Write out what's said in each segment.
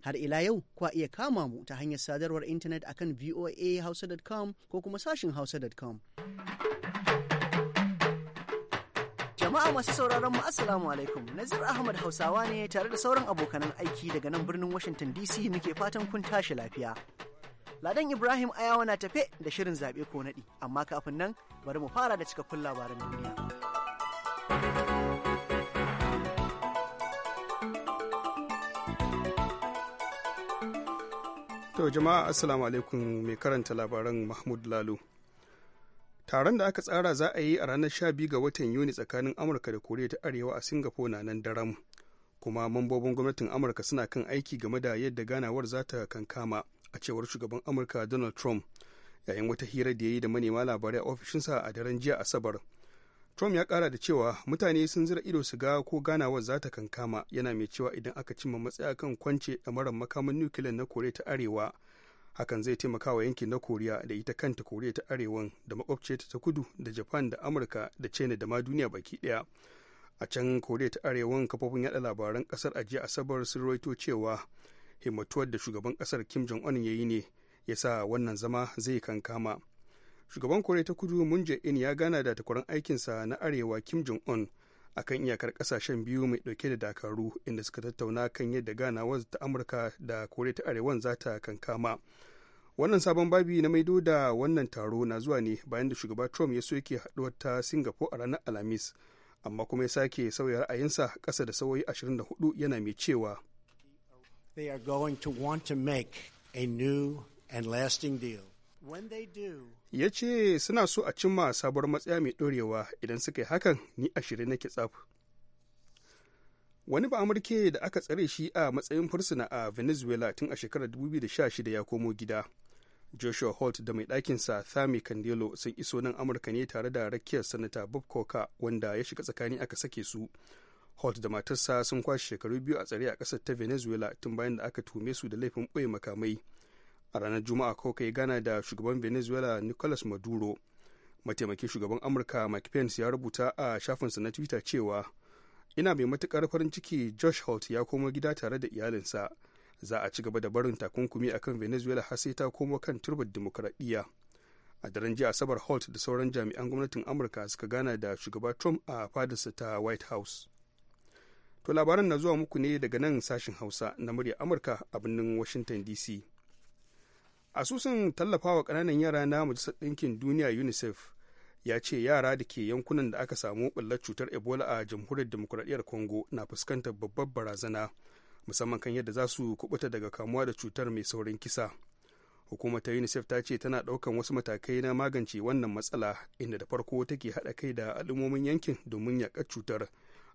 Har ila yau kwa iya kama mu ta hanyar sadarwar intanet akan voahausa.com ko kuma sashin hausa.com. Jama'a masu sauraron mu Assalamu alaikum. Nazir Ahmad Hausawa ne tare da sauran abokanan aiki daga nan birnin Washington DC muke fatan kun tashi lafiya. Ladan Ibrahim Ayawa na tafe da shirin zaɓe ko naɗi, amma kafin nan bari mu fara da cikakkun labaran duniya. To jama'a assalamu alaikum mai karanta labaran Mahmud Lalo. Taron da aka tsara za a yi a ranar 12 ga watan Yuni tsakanin Amurka da Koriya ta Arewa a Singapore na nan daram. Kuma mambobin gwamnatin Amurka suna kan aiki game da yadda ganawar za ta kankama a cewar shugaban Amurka Donald Trump yayin wata hira da ya yi da manema labarai a ofishinsa a daren jiya Asabar. Trump ya kara da cewa mutane sun zira ido su ga ko ganawar za ta kankama yana mai cewa idan aka cimma matsaya kan kwance ɗamarar makaman nukiliyan na Koriya ta Arewa hakan zai taimaka wa yankin na Koriya da ita kanta Koriya ta Arewan da makwabciyarta ta kudu da Japan da Amurka da China da ma duniya baki daya A can Koriya ta Arewan kafofin yada labaran kasar a jiya Asabar sun rawaito cewa himmatuwar da shugaban kasar Kim Jong-un ya yi ne ya sa wannan zama zai kankama. shugaban koriya ta kudu mun in ya gana da takwaran aikinsa na arewa kim jong-un a kan iyakar kasashen biyu mai dauke da dakaru inda suka tattauna kan yadda ganawar ta amurka da koriya ta arewan za ta kankama wannan sabon babi na maido da wannan taro na zuwa ne bayan da shugaba trump ya so yake haduwar ta singapore a ranar alhamis amma kuma ya sake sauya ra'ayinsa kasa da sauyi 24 yana mai cewa a new lasting deal ya ce suna so a cimma sabuwar matsaya mai ɗorewa idan suka yi hakan ni a shirin nake tsaf wani ba da aka tsare shi a matsayin fursuna a venezuela tun a shekarar 2016 ya komo gida joshua holt da mai ɗakinsa thami candelo sun iso nan amurka ne tare da rakiyar sanata bob coker wanda ya shiga tsakani aka sake su holt da matarsa sun kwashe shekaru biyu a tsare a ƙasar ta venezuela tun bayan da aka tume su da laifin ɓoye makamai a ranar juma'a ka yi gana da shugaban venezuela nicolas maduro mataimakin shugaban amurka mike pence ya rubuta a shafinsa na twitter cewa ina mai matukar farin ciki josh holt ya komo gida tare da iyalinsa za a ci gaba da barin takunkumi akan venezuela har sai ta komo kan turbar dimokuraɗiyya a daren jiya asabar holt da sauran jami'an gwamnatin amurka suka gana da shugaba trump a fadarsa ta white house to labaran na zuwa muku ne daga nan sashen hausa na murya amurka a birnin washington dc asusun tallafawa ƙananan yara na majalisar ɗinkin duniya unicef ya ce yara da ke yankunan da aka samu ɓullar cutar ebola a jamhuriyar demokuraɗiyyar congo na fuskantar babbar barazana musamman kan yadda za su kubuta daga kamuwa da cutar mai saurin kisa hukumar ta unicef ta ce tana ɗaukan wasu matakai na magance wannan matsala inda da farko take haɗa kai da al'ummomin yankin domin yaƙar cutar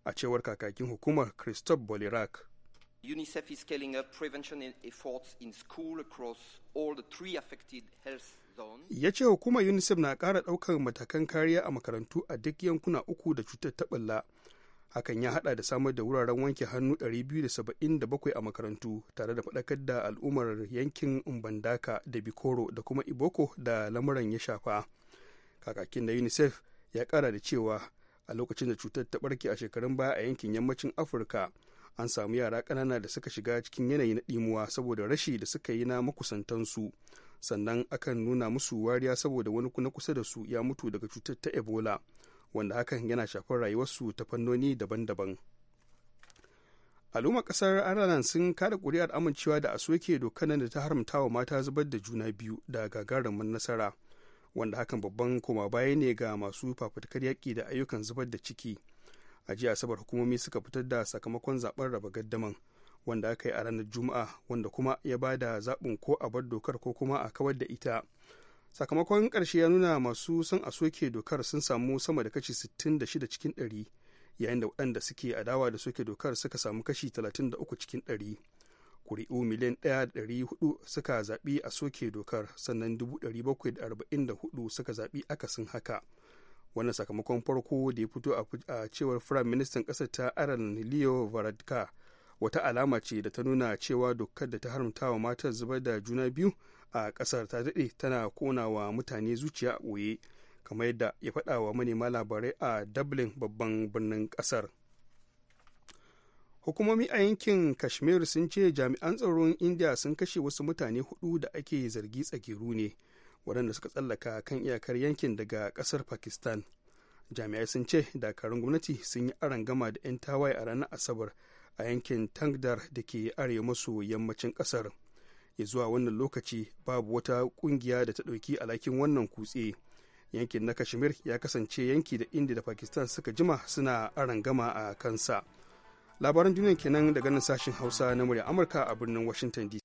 a cewar kakakin hukumar christophe bolirac UNICEF is scaling up prevention e-, efforts in school across all the three affected health zones. Ya ce hukumar UNICEF na ƙara ɗaukar matakan kariya a makarantu a duk yankuna uku da cutar taɓalla. Hakan ya haɗa da samar da wuraren wanke hannu 277 a makarantu tare da faɗakar da al'ummar yankin Mbandaka da Bikoro da kuma Iboko da lamuran ya shafa. Kakakin da UNICEF ya kara da cewa a lokacin da cutar ta ɓarke a shekarun baya a yankin yammacin Afirka an samu yara ƙanana da suka shiga cikin yanayi na ɗimuwa saboda rashi da suka yi na makusantansu sannan akan nuna musu wariya saboda wani kuna kusa da su ya mutu daga cutar ta ebola wanda hakan yana shafar rayuwarsu ta fannoni daban-daban al'ummar ƙasar ireland sun kada ƙuri'ar amincewa da a soke dokar da ta haramta wa mata zubar da juna biyu da gagarumin nasara wanda hakan babban koma baya ne ga masu fafutukar yaƙi da ayyukan zubar da ciki a jiya asabar hukumomi suka fitar da sakamakon zaben raba gaddaman wanda aka yi a ranar juma'a wanda kuma ya ba da zaɓin ko a bar dokar ko kuma a kawar da ita sakamakon ƙarshe ya nuna masu son a soke dokar sun samu sama da kashi 66 cikin 100 yayin da waɗanda suke adawa da soke dokar suka samu kashi 33 cikin 100 kuri'u miliyan 1,400 suka zaɓi a soke dokar sannan 744 suka zaɓi akasin haka wannan sakamakon farko da ya fito a cewar firayim ministan ƙasar ta aran leo varadkar wata alama ce da ta nuna cewa dokar da ta haramta wa matar zubar da juna biyu a ƙasar ta daɗe tana kona wa mutane zuciya a ɓoye kamar yadda ya faɗa wa manema labarai a dublin babban birnin ƙasar hukumomi a yankin kashmir sun ce jami'an tsaron india sun kashe wasu mutane hudu da ake zargi tsakiru ne waɗanda suka tsallaka kan iyakar yankin daga ƙasar pakistan jami'ai sun ce dakarun gwamnati sun yi aron gama da 'yan tawaye a ranar asabar a yankin tangdar da ke arewa maso yammacin ƙasar ya zuwa wannan lokaci babu wata ƙungiya da ta ɗauki alhakin wannan kutse yankin na kashmir ya kasance yanki da inda da pakistan suka jima suna aron gama a kansa labaran duniya kenan daga nan sashen hausa na murya amurka a birnin washington dc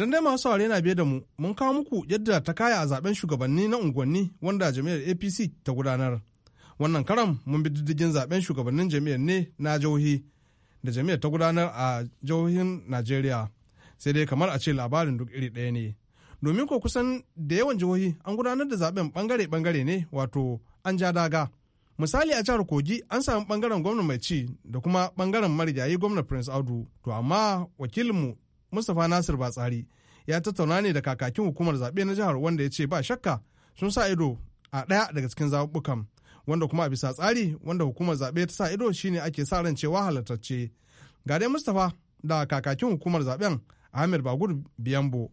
Idan dai masu sauraro yana biye da mu, mun kawo muku yadda ta kaya a zaben shugabanni na unguwanni wanda jami'ar APC ta gudanar. Wannan karam mun bi diddigin zaben shugabannin jami'ar ne na jihohi da jami'ar ta gudanar a jihohin Najeriya. Sai dai kamar a ce labarin duk iri ɗaya ne. Domin ko kusan da yawan jihohi an gudanar da zaben bangare-bangare ne wato an ja daga. misali a jihar kogi an sami bangaren gwamna mai ci da kuma bangaren marigayi gwamna prince audu to amma wakilinmu mustapha nasir batsari ya tattauna ne da kakakin hukumar zaɓe na jihar wanda ya ce ba shakka sun sa ido a ɗaya daga cikin zaɓuɓɓukan wanda kuma a bisa tsari wanda hukumar zaɓe ta sa ido shine ake sa ran cewa halartacce ga dai mustapha da kakakin hukumar zaɓen ahmed bagur biyambo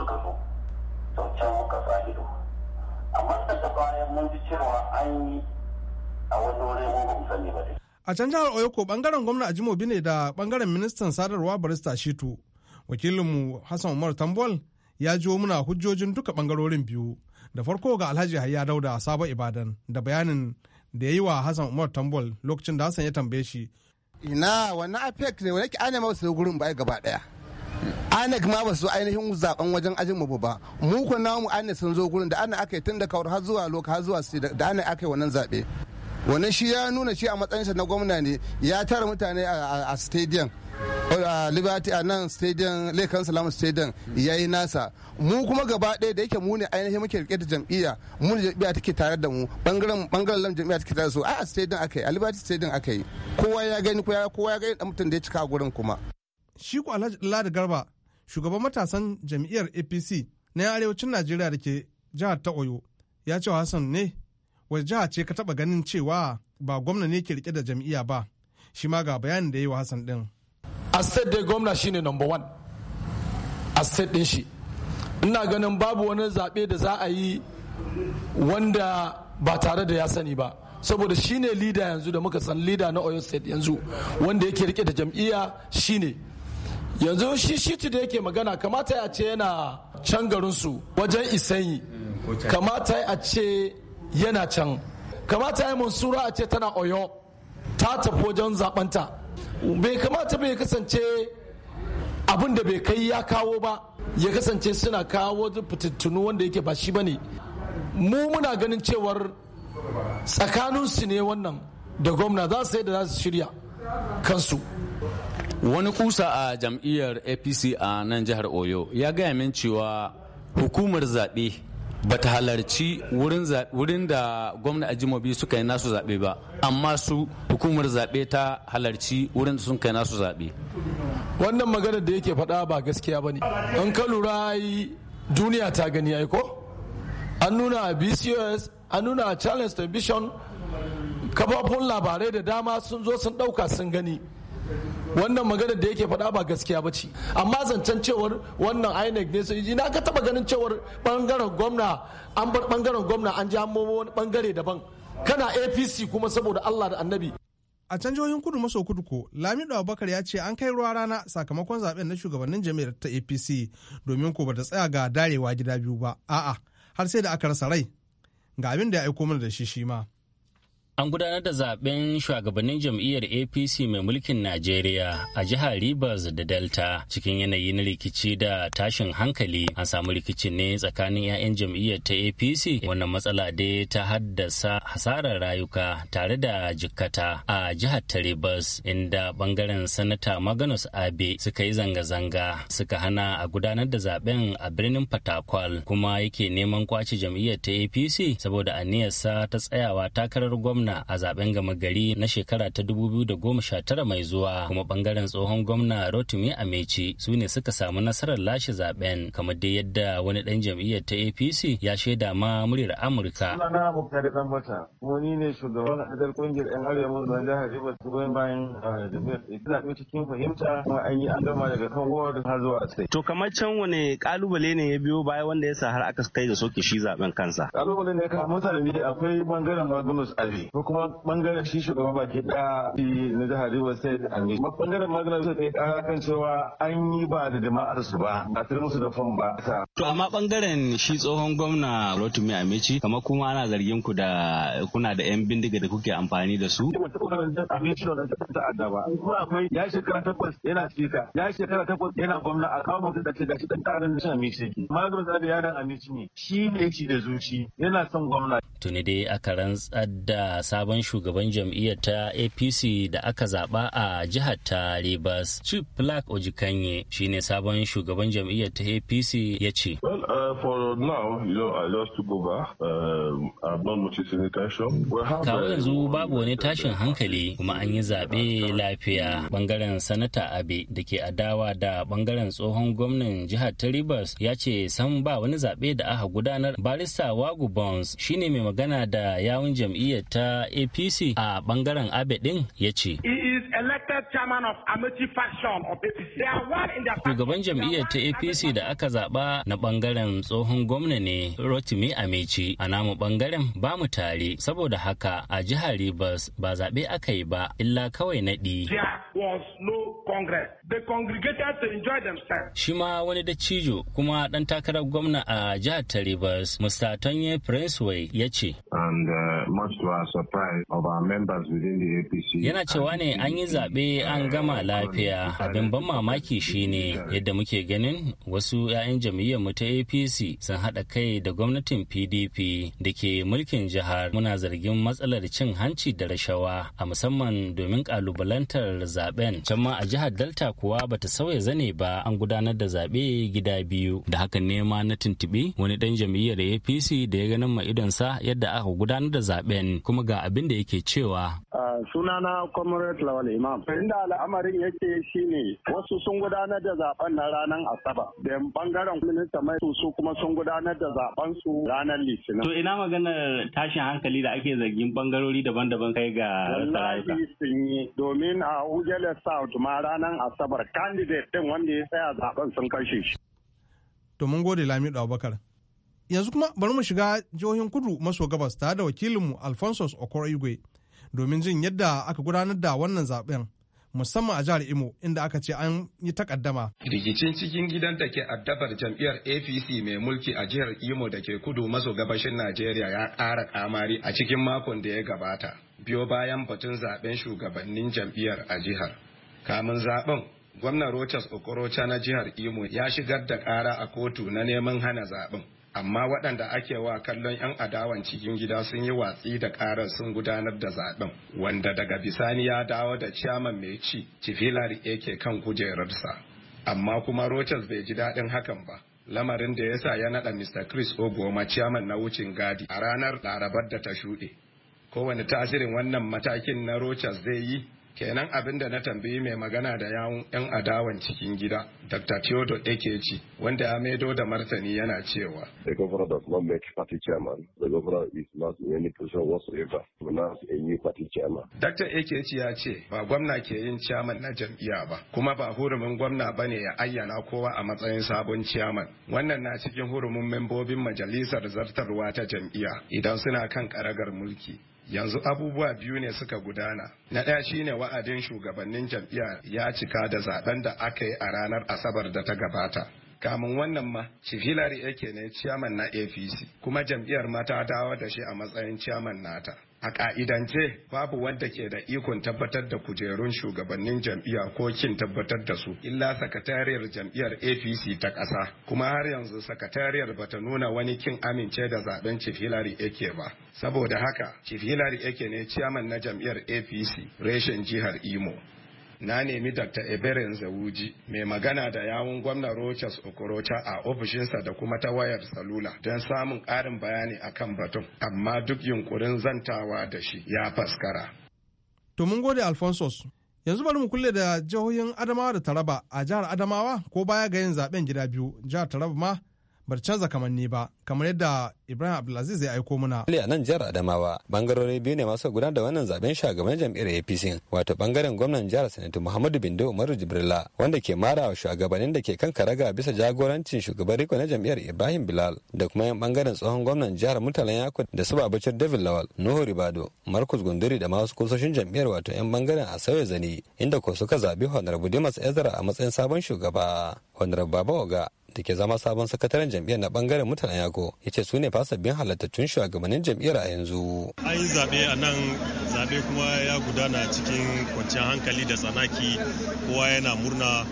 suka zo to can muka sa ido amma ta bayan mun ji cewa an yi a wani wuri mun ba mu sani ba a can jihar oyo ko bangaren gwamna ajimobi ne da bangaren ministan sadarwa barista shitu wakilinmu hassan umar tambol ya jiwo muna hujjojin duka bangarorin biyu da farko ga alhaji hayya dauda sabon ibadan da bayanin da ya yi wa hassan umar tambol lokacin da hassan ya tambaye shi ina wani afek ne wani ke ana masu gurin ba gaba daya Ana ma ba su ainihin zaben wajen ajin mu ba mu ko namu ainihin sun zo gurin da ana aka yi tun da kawar har zuwa loka har zuwa da ana aka yi wannan zabe wannan shi ya nuna shi a matsayinsa na gwamna ne ya tara mutane a stadium liberty a nan stadium lekan salam stadium ya yi nasa mu kuma gaba ɗaya da yake mu ne ainihin muke rike da jam'iyya mu ne jam'iyya take tare da mu bangaren bangaren lam jam'iyya take tare da su a stadium aka yi a liberty stadium aka yi kowa ya gani kowa ya gani dan mutum da ya cika gurin kuma shi ko alhaji ladi garba shugaban matasan jam'iyyar apc na arewacin najeriya da ke jihar ta oyo ya ce hassan ne wace jiha ce ka taba ganin cewa ba gwamna ne ke rike da jam'iyya ba shi ma ga bayanin da ya yi wa hassan din a state dai gwamna shine number one a state din shi ina ganin babu wani zaɓe da za a yi wanda ba tare da ya sani ba saboda shine lida yanzu da muka san lida na oyo state yanzu wanda yake rike da jam'iyya shine yanzu shi shitu da yake magana kamata ya ce yana can garinsu wajen isanyi kamata ya ce yana can kamata ya mansura a ce tana oyo ta tafi wajen zabanta bai kamata bai kasance abin da bai kai ya kawo ba ya kasance suna kawo fitattunu wanda yake ba shi ba ne mu muna ganin cewar tsakaninsu ne wannan da gwamna za su yi da za su shirya kansu wani kusa a jam'iyyar apc a nan jihar oyo ya gaya min cewa hukumar zaɓe ba ta halarci wurin da gwamna ajimobi suka yi nasu zaɓe ba amma su hukumar zaɓe ta halarci wurin da sun kai nasu zaɓe wannan maganar da yake faɗa ba gaskiya ba ne an ka lura duniya ta gani aiko? ko an nuna a bcos an nuna a challenge television kafafun labarai da dama sun zo sun ɗauka sun gani wannan maganar da yake faɗa ba gaskiya ba ce amma zancen cewar wannan inec ne sai na ka taba ganin cewar bangaren gwamna an bar bangaren gwamna an ji an wani bangare daban kana apc kuma saboda allah da annabi a can jihohin kudu maso kudu ko lamido abubakar ya ce an kai ruwa rana sakamakon zaben na shugabannin jami'ar ta apc domin ko bata tsaya ga darewa gida biyu ba a'a har sai da aka rasa rai ga abin da ya aiko mana da shi shi ma an gudanar da zaben shugabannin jam'iyyar apc mai mulkin najeriya a jihar rivers da delta cikin yanayi na rikici da tashin hankali an samu rikici ne tsakanin 'ya'yan jam'iyyar ta apc wannan matsala dai ta haddasa hasarar rayuka tare da jikkata a jihar ta rivers inda bangaren sanata maganus abe suka yi zanga-zanga suka hana a gudanar da zaben a birnin fatakwal kuma yake neman kwace jam'iyyar ta apc saboda aniyarsa ta tsayawa takarar gwamna gwamna a zaben gama gari na shekara ta 2019 mai zuwa kuma bangaren tsohon gwamna Rotimi Amechi su ne suka samu nasarar lashe zaben kamar dai yadda wani dan jam'iyyar ta APC ya shaida ma muryar Amurka. kungiyar ah, To kamar can wani kalubale ne ya biyo baya wanda ya sa har aka kai da soke shi zaben kansa. Kalubale ne kamar mutane akwai bangaren Magnus Ali. ko kuma bangaren shi shugaban baki daya na jihar Rivers State a ne. Bangaren magana su ne kara kan cewa an yi ba da jama'ar su ba a tar musu da fam ba. To amma bangaren shi tsohon gwamna Rotimi Amici kama kuma ana zargin ku da kuna da yan bindiga da kuke amfani da su. Ya shekara takwas yana spika, ya shekara takwas yana gwamna a kawo mutum da ce gashi ɗan ƙarin da shi Amici yake. Maganar da yaran Amici ne shi ne shi da zuci yana son gwamna. Tuni dai aka rantsar da sabon shugaban jam'iyyar ta apc da aka zaba a jihar ta rivers chief black ojikanye shine sabon shugaban jam'iyyar ta apc yace. ce well kawo uh, yanzu babu wani tashin hankali kuma an yi zaɓe lafiya bangaren sanata abe da ke adawa da bangaren tsohon gwamnan jihar ta rivers ya ce san ba wani zaɓe da aka gudanar barista wagu bones shine mai magana da yawun jam'iyyar ta apc a bangaren abe din ya ce shugaban jam'iyyar ta apc da aka zaba na bangaren tsohon gwamna ne rotimi amici a namu bangaren ba mu tare saboda haka a jihar rivers ba zaɓe aka yi ba illa kawai naɗi Congress. The congregated to enjoy themselves. Shi ma wani dattijo kuma dan takarar gwamna a jihar ta Rivers, Mr. Tonye Princeway ya ce. And uh, much to our surprise of our members within the APC. Yana cewa ne an yi zaɓe an gama uh, lafiya. Abin ban mamaki shine yadda muke ganin wasu 'ya'yan jam'iyyar mu ta APC sun haɗa kai da gwamnatin PDP da ke mulkin jihar muna zargin matsalar cin hanci da rashawa a musamman domin ƙalubalantar zaben. Can ma a jihar jihar Delta kuwa bata sauya zane ba an gudanar da zaɓe gida biyu. Da haka ne ma na tuntuɓi wani ɗan jam'iyyar APC da ya ganin ma idonsa yadda aka gudanar da zaɓen kuma ga abin da yake cewa. sunana comrade lawal imam inda al'amarin yake shine wasu sun gudanar da zaben na ranar asabar da bangaren minista mai su kuma sun gudanar da zaben su ranar litinin to ina maganar tashin hankali da ake zargin bangarori daban-daban kai ga sarayuka sun yi domin a ujele south ma ranar asabar candidate din wanda ya tsaya zaben sun kashe shi to mun gode lamido abubakar yanzu kuma bari mu shiga jihohin kudu maso gabas tare da wakilinmu alphonsus okoro igwe domin jin yadda aka gudanar da wannan zaben musamman a jihar Imo inda aka ce an yi takaddama. Rikicin cikin gidan da ke addabar jam'iyyar APC mai mulki a jihar Imo da ke kudu maso gabashin Najeriya ya ƙara kamari a cikin makon da ya gabata. Biyo bayan batun zaben shugabannin jam'iyyar a jihar. Kamun zaben gwamnan Rochas Okorocha na jihar Imo ya shigar da ƙara a kotu na neman hana zaben. amma waɗanda ake wa kallon 'yan adawan cikin gida sun yi watsi da ƙarar sun gudanar da zaɓen. wanda daga bisani ya dawo da ciyaman mai ci cifilar yake kan kujerarsa amma kuma rochas bai ji daɗin hakan ba lamarin da ya sa ya naɗa mr chris ogoma ciyaman na wucin gadi a ranar larabar da ta shuɗe kowane tasirin wannan matakin na rochas zai yi kenan abin da na tambayi mai magana da yawun 'yan adawan cikin gida dr theodore ekechi wanda ya maido da martani yana cewa the governor does not make party chairman the governor is not in any position whatsoever to announce a new party chairman dr ekechi ya ce ba gwamna ke yin chairman na jam'iyya ba kuma ba hurumin gwamna ba ne ya ayyana kowa a matsayin sabon chairman wannan na cikin hurumin membobin majalisar zartarwa ta jam'iyya idan suna kan karagar mulki yanzu abubuwa biyu ne suka gudana na ɗaya shine wa'adin shugabannin jam'iyya ya cika da zaben da aka yi a ranar asabar da ta gabata kamun wannan ma chief hillary yake ne ciyaman na apc kuma jam'iyyar mata ta dawo da shi a matsayin ciyaman nata a ka'idance babu wanda ke da ikon tabbatar da kujerun shugabannin jam'iyya ko kin tabbatar da su illa sakatariyar jam'iyyar apc ta ƙasa kuma har yanzu sakatariyar bata nuna wani kin amince da zaben chief hillary ake ba saboda haka chief hillary ake ne ciyaman na jam'iyyar apc reshen jihar imo na nemi Dr. Eberen Zawuji mai magana da yawun gwamna Rochas Okorocha a ofishinsa da kuma ta wayar salula don samun ƙarin bayani akan batun amma duk yunkurin zantawa da shi ya faskara. To mun gode Alphonsus yanzu bari mu kulle da jihohin Adamawa da Taraba a jihar Adamawa ko baya ga yin zaben gida biyu jihar Taraba ma bar canza kamanni ba kamar yadda ibrahim abdulaziz ya aiko muna a nan jihar adamawa bangarori biyu ne masu gudanar da wannan zaben shugaban jam'iyyar apc wato bangaren gwamnan jihar sanatu muhammadu bindo umaru jibrila wanda ke mara wa shugabannin da ke kan karaga bisa jagorancin shugaban riko na jam'iyyar ibrahim bilal da kuma yan bangaren tsohon gwamnan jihar mutalan yako da su babacin david lawal nuhu ribado markus gunduri da masu kusoshin jam'iyyar wato yan bangaren a sauya zane inda ko suka zabi honorable dimas ezra a matsayin sabon shugaba honorable baba oga da ke zama sabon sakataren jam'iyyar na bangaren mutalan ya ce su ne fa sabbin halattattun shugabannin jam'iyyar a yanzu. An yi zaɓe a nan zaɓe kuma ya gudana cikin kwanciyar hankali da tsanaki kowa yana murna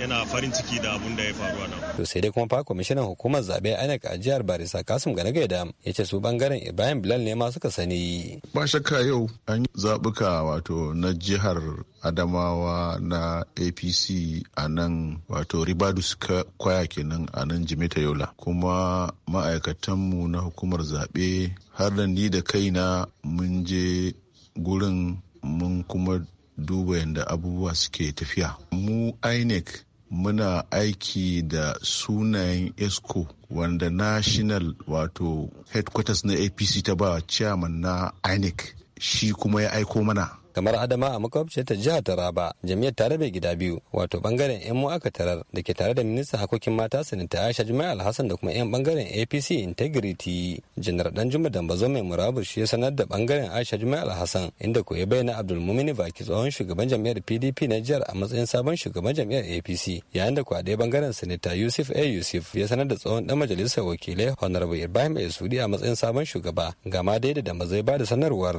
yana farin ciki da abun da ya faru a nan. To sai dai kuma fa kwamishinan hukumar zabe INEC a jihar Barisa Kasim Ganagaida ya ce su bangaren Ibrahim Bilal ne ma suka sani. Ba shakka yau an yi zaɓuka wato na jihar Adamawa na APC a nan wato Ribadu suka kwaya kenan a nan Jimeta Yola. Kuma ma'aikatanmu na hukumar zaɓe har da ni da kaina mun je gurin mun kuma duba yadda abubuwa suke tafiya mu inec muna aiki da sunayen esco wanda national wato headquarters na apc ta ba chairman na inec shi kuma ya aiko mana kamar adama a makwabci ta jihar taraba jami'ar tare bai gida biyu wato bangaren yan mu aka tarar da ke tare da ministan hakokin mata sanita aisha juma'a alhassan da kuma yan bangaren apc integrity janar da dambazo mai murabur shi ya sanar da bangaren aisha juma'a alhassan inda ko ya bayyana mumini baki tsohon shugaban jami'ar pdp na jihar a matsayin sabon shugaban jami'ar apc yayin da ko a ɗaya bangaren sanita yusuf a yusuf ya sanar da tsohon dan majalisar wakilai honorable ibrahim esudi a matsayin sabon shugaba gama yadda da mazai ba da sanarwar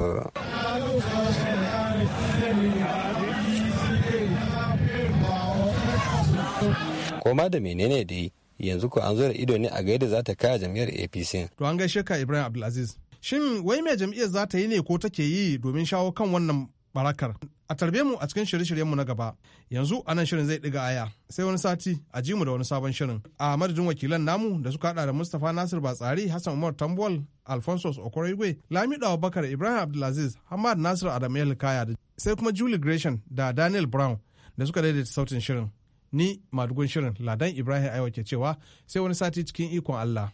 koma da menene dai yanzu ko an zo da ido ne a gaida za ta kaya jam'iyyar apc to an gaishe ka ibrahim abdulaziz shin wai me jam'iyyar za ta yi ne ko take yi domin shawo kan wannan barakar a tarbe mu a cikin shirye-shiryenmu na gaba yanzu anan shirin zai diga aya sai wani sati a ji mu da wani sabon shirin a madadin wakilan namu da suka hada da mustapha nasir batsari hassan umar tambol alfonso okoroigwe lamido abubakar ibrahim abdulaziz hamad nasir adam kaya sai kuma julie gresham da daniel brown da suka daidaita sautin shirin ni madugun shirin ladan ibrahim aiwa ke cewa sai wani sati cikin ikon allah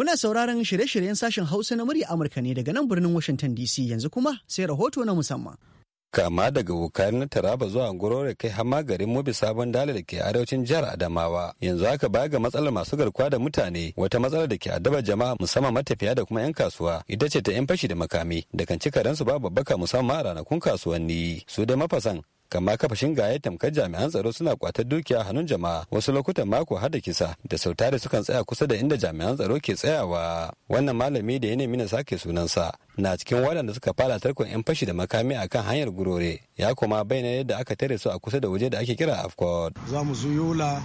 Kuna sauraron shirye-shiryen sashen Hausa na murya Amurka ne daga nan birnin Washington DC yanzu kuma sai rahoto na musamman. kama daga wukari na taraba zuwa angorore kai hama garin mobi sabon dala da ke arewacin jihar adamawa yanzu haka baya ga matsalar masu garkuwa da mutane wata matsalar da ke addaba jama'a musamman matafiya da kuma yan kasuwa ita ce ta yan fashi da makami da kan ci su babu babbaka musamman a ranakun kasuwanni su da mafasan kama kafashin gaya tamkar jami'an tsaro suna kwatar dukiya hannun jama'a wasu lokutan mako har da kisa da sau tare sukan tsaya kusa da inda jami'an tsaro ke tsayawa wannan malami da ya nemi na sake sunansa na cikin waɗanda suka fara tarkon 'yan fashi da makami a kan hanyar gurore ya kuma bayyana yadda aka tare su a kusa da waje da ake kira afcon za mu zo yola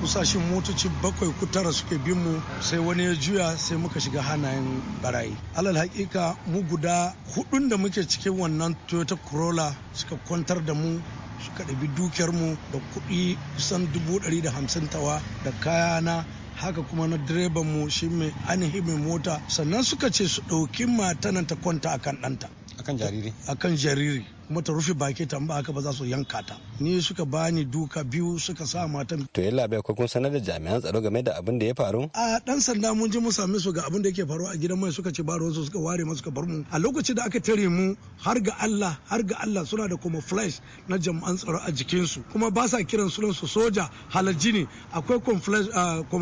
kusashen motoci bakwai ku tara suke bin mu sai wani ya juya sai muka shiga hannayen barayi alal hakika mu guda hudun da muke cikin wannan toyota corolla suka kwantar da mu suka ɗabi dukiyar mu da kuɗi kusan dubu ɗari da hamsin tawa da kayana haka kuma na direban mu shi mai ainihin mai mota sannan suka ce su ɗauki mata nan ta kwanta akan ɗanta akan jariri akan jariri kuma ta rufe baki ta ba haka ba za su yanka ta ni suka bani duka biyu suka sa matan to yalla bai kun sanar da jami'an tsaro game da abin da ya faru a dan sanda mun ji mu same su ga abin da yake faru a gidan mai suka ce ba su suka ware masu suka bar mu a lokacin da aka tare mu har ga Allah har ga Allah suna da kuma flash na jami'an tsaro a jikin su kuma ba sa kiran sunan su soja halajini ne akwai kuma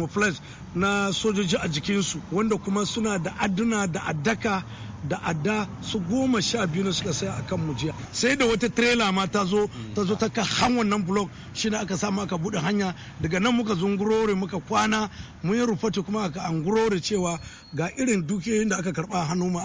flash ah, na sojoji a jikin su wanda kuma suna da aduna da addaka da adda su goma sha biyu na suka saya a mu jiya sai da wata trailer ma ta zo ta zo ta ka han wannan blok shi ne aka samu aka bude hanya daga nan muka zungurore muka kwana mun yi rufatu kuma aka angurori cewa ga irin dukiyoyin da aka karba a hannu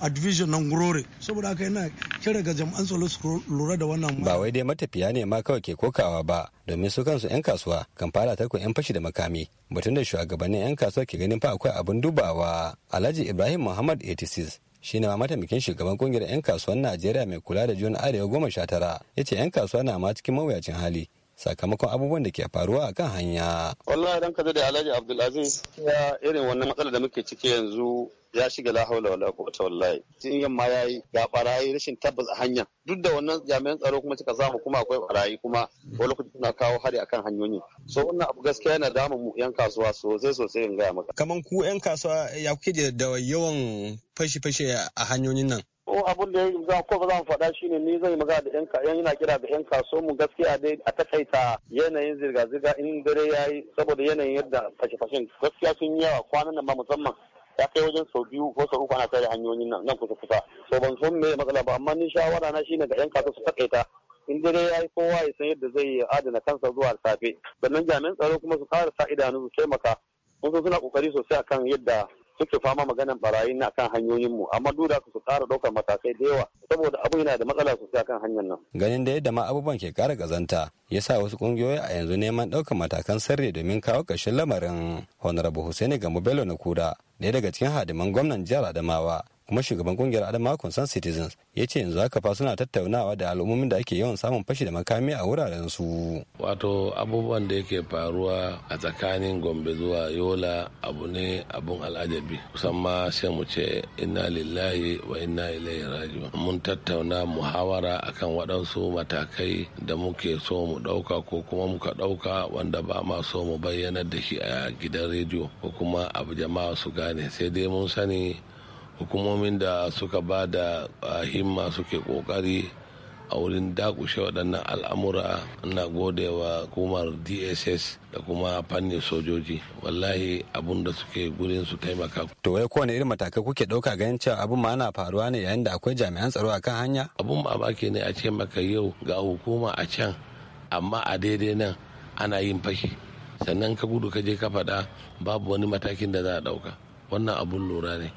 a division nan gurore saboda haka yana kira ga jama'an tsaro su lura da wannan ba wai dai matafiya ne ma kawai ke kokawa ba domin su kansu yan kasuwa kan fara tarko yan fashi da makami batun da shugabannin yan kasuwa ke ganin fa akwai abin dubawa alhaji ibrahim muhammad 86 shine ma mataimakin shugaban kungiyar 'yan kasuwan najeriya mai kula da juna arewa goma sha tara ya ce 'yan kasuwa na ma cikin mawuyacin hali sakamakon abubuwan da ke faruwa a kan hanya. Wallahi dan kaza da Alhaji Abdulaziz ya irin wannan matsalar da muke ciki yanzu ya shiga la haula wala quwwata wallahi tun ma yayi ga barayi rashin tabbas a hanya duk da wannan jami'an tsaro kuma suka samu kuma akwai barayi kuma wani lokaci suna kawo hari akan hanyoyi so wannan abu gaskiya yana damu mu yan kasuwa sosai sosai in gaya maka kaman ku yan kasuwa ya kuke da yawan fashi-fashi a hanyoyin nan ko abin da ya ko ba za mu faɗa shine ni zai magana da yan yana kira da yan so mu gaskiya dai a takaita yanayin zirga-zirga in dare yayi saboda yanayin yadda fashe-fashen gaskiya sun yi yawa kwanan nan ba musamman ya kai wajen sau biyu ko sau uku ana tare hanyoyin nan nan kusa kusa so ban san me matsala ba amma ni shawara na shine ga yan kasuwa su takaita in dare ya yi kowa ya san yadda zai adana kansa zuwa safe sannan jami'an tsaro kuma su ƙara sa idanu su taimaka mun suna kokari sosai akan yadda suke fama maganan barayi na kan hanyoyin mu amma duk da su kara daukar matakai da yawa saboda abu yana da matsala sosai kan hanyar nan ganin da yadda ma abubuwan ke kara kazanta ya sa wasu ƙungiyoyi a yanzu neman ɗaukar matakan sirri domin kawo ƙarshen lamarin honorable Hussaini Gambo Bello na kura ɗaya daga cikin hadiman gwamnan jihar Adamawa kuma shugaban kungiyar adama concern citizens ya ce yanzu haka fa suna tattaunawa da al'ummomin da ake yawan samun fashi da makami a wuraren su wato abubuwan da yake faruwa a tsakanin gombe zuwa yola abu ne abun al'ajabi kusan ma sai mu ce inna lillahi wa inna ilaihi raji'un mun tattauna muhawara akan waɗansu matakai da muke so mu ɗauka ko kuma muka ɗauka wanda ba ma so mu bayyana da shi a gidan rediyo ko kuma abu jama'a su gane sai dai mun sani hukumomin da suka ba da himma suke kokari a wurin dakushe waɗannan al'amura na gode wa hukumar dss da kuma fannin sojoji wallahi abun da suke gurin su taimaka to wai kowane irin matakai kuke ɗauka ganin cewa abun ma na faruwa ne yayin da akwai jami'an tsaro akan hanya abun mamaki ne a ce maka yau ga hukuma a can amma a daidai nan ana yin fashi sannan ka gudu ka je ka faɗa babu wani matakin da za a ɗauka wannan abun lura ne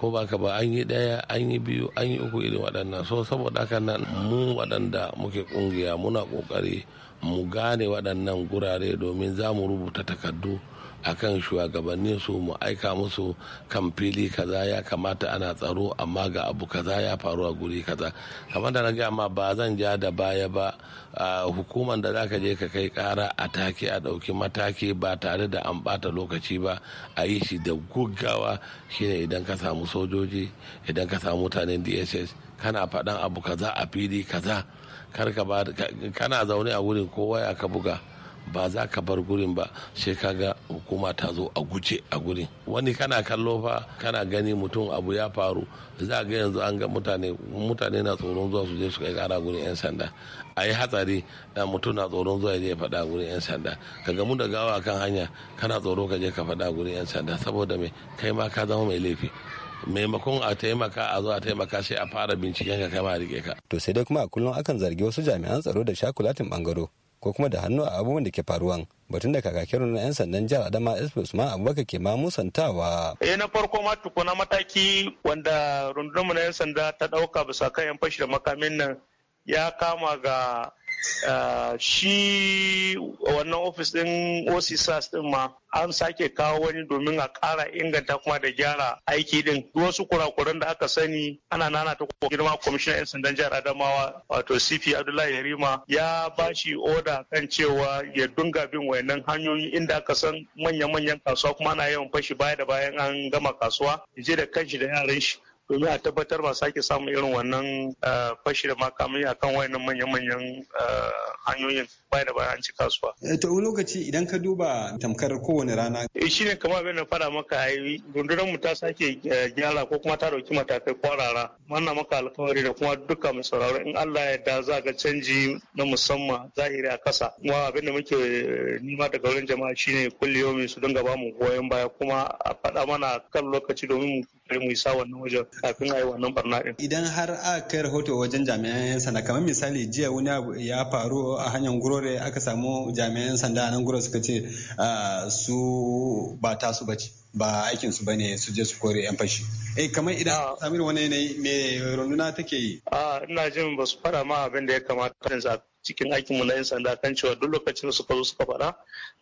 ko ba ka ba an yi ɗaya an yi biyu an yi uku irin waɗannan so saboda haka nan mu waɗanda muke ƙungiya muna ƙoƙari mu gane waɗannan gurare domin za mu rubuta takardu akan shugabannin su mu aika musu kan fili kaza ya kamata ana tsaro amma ga abu kaza ya faru a guri kaza kamar da na gaya ma ba zan ja da baya ba hukumar da za ka je ka kai kara a take a ɗauki mataki ba tare da an bata lokaci ba a yi shi da gugawa shine idan ka samu sojoji idan ka samu mutanen dss kana faɗan abu kaza a fili kaza kana zaune a wurin kowa ya ka buga ba za ka bar gurin ba sai ka ga hukuma ta zo a guje a gurin wani kana kallo fa kana gani mutum abu ya faru za ga yanzu an ga mutane mutane na tsoron zuwa su je su kai kara gurin yan sanda a yi hatsari da mutum na tsoron zuwa ya faɗa gurin yan sanda ka gamu da gawa kan hanya kana tsoro ka je ka faɗa gurin yan sanda saboda mai kai ma ka zama mai laifi maimakon a taimaka a zo a taimaka sai a fara binciken ka kama rike ka. To sai dai kuma a kullum akan zargi wasu jami'an tsaro da shakulatin bangaro ko kuma da hannu a abubuwan da ke faruwan batun da kakakin na 'yan sandan jihar adama espo usman abubakar ke ma musantawa eh na farko ma tukuna mataki wanda rundunar mu na 'yan sanda ta dauka bisa kan 'yan fashi da makamin nan ya kama ga Uh, shi wannan ofis din osisas din ma an sake kawo wani domin a ƙara inganta kuma da gyara aiki din wasu kurakuran da aka sani ana nana ta girma kwamishinan 'yan sandan jihar adamawa wato cp abdullahi yarima ya ba shi oda kan cewa ya dunga bin wayannan hanyoyi inda aka san manya-manyan kasuwa kuma ana yawan fashi baya da bayan an gama kasuwa ya je da kanshi da yaran shi domin a tabbatar ba sake samun irin wannan eh, fashi da makamai akan wayannan manya-manyan eh, hanyoyin baya da baya an ci kasuwa. Eh, to wani lokaci idan ka duba tamkar kowane rana. Shi ne kamar abin da fara maka a yi rundunar mu ta sake gyara ko kuma ta dauki matakai kwarara. Manna maka alkawari da kuma duka mai sauraro in Allah ya da za ga canji na musamman zahiri a kasa. Kuma abin da muke nima daga wurin jama'a shine yau su dinga ba mu goyon baya kuma a faɗa mana kan lokaci domin mu kokari mu sa wannan wajen kafin a yi wannan barna din idan har a kai rahoto wajen jami'an 'yan sanda kamar misali jiya wani abu ya faru a hanyar gurore aka samu jami'an sanda nan gurore suka ce ah, su ba tasu bace ba aikin su bane su je su kore yan fashi eh kamar idan samir ah. wani yanayi me runduna take yi a ah, ina jin ba su fara ma abin da ya kamata yanzu cikin aikin mu na 'yan sanda kan cewa duk lokacin da suka zo suka faɗa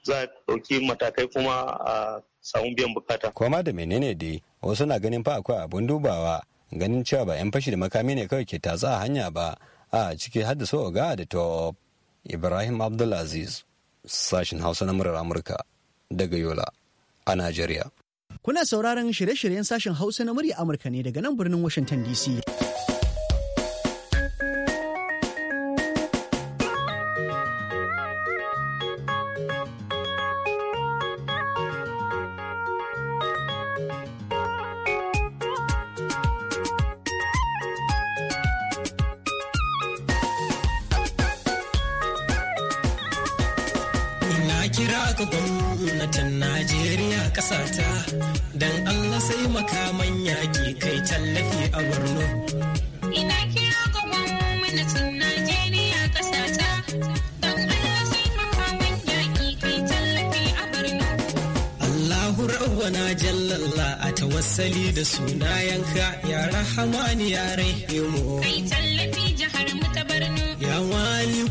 za a ɗauki matakai kuma a samu biyan bukata. Koma da menene dai wasu na ganin fa akwai abun dubawa ganin cewa ba 'yan fashi da makami ne kawai ke tatsa a hanya ba a ciki har da so ga da top. Ibrahim Abdulaziz sashin Hausa na murar Amurka daga Yola a Najeriya. Kuna sauraron shirye-shiryen sashen Hausa na murya Amurka ne daga nan birnin Washington DC. haka gwamnatin Najeriya ƙasata don Allah sai makaman yaƙi kai tallafi a Borno. Ina kira ga gwamnatin Najeriya ƙasata don Allah sai makaman yaƙi kai tallafi a Borno. Allahu rabbana jallalla a tawassali da sunayenka ya rahama ni ya rahimu. Kai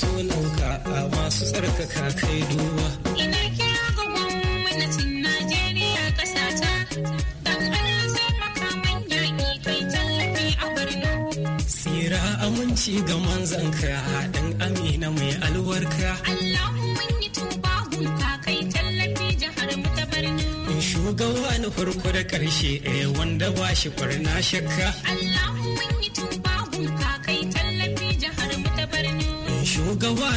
sunanka a masu tsarkaka kai duba. Ina kira ga gwamnatin Najeriya ta don ana sarrafa manyan kai tallafi a birni. Tsira aminci ga manzanka haɗin amina mai alwarka. Allahu mun yi tuba tallafi jihar mu ta birni. Shugaba na farko da karshe eh, wanda ba shi kwarna shakka. Allahu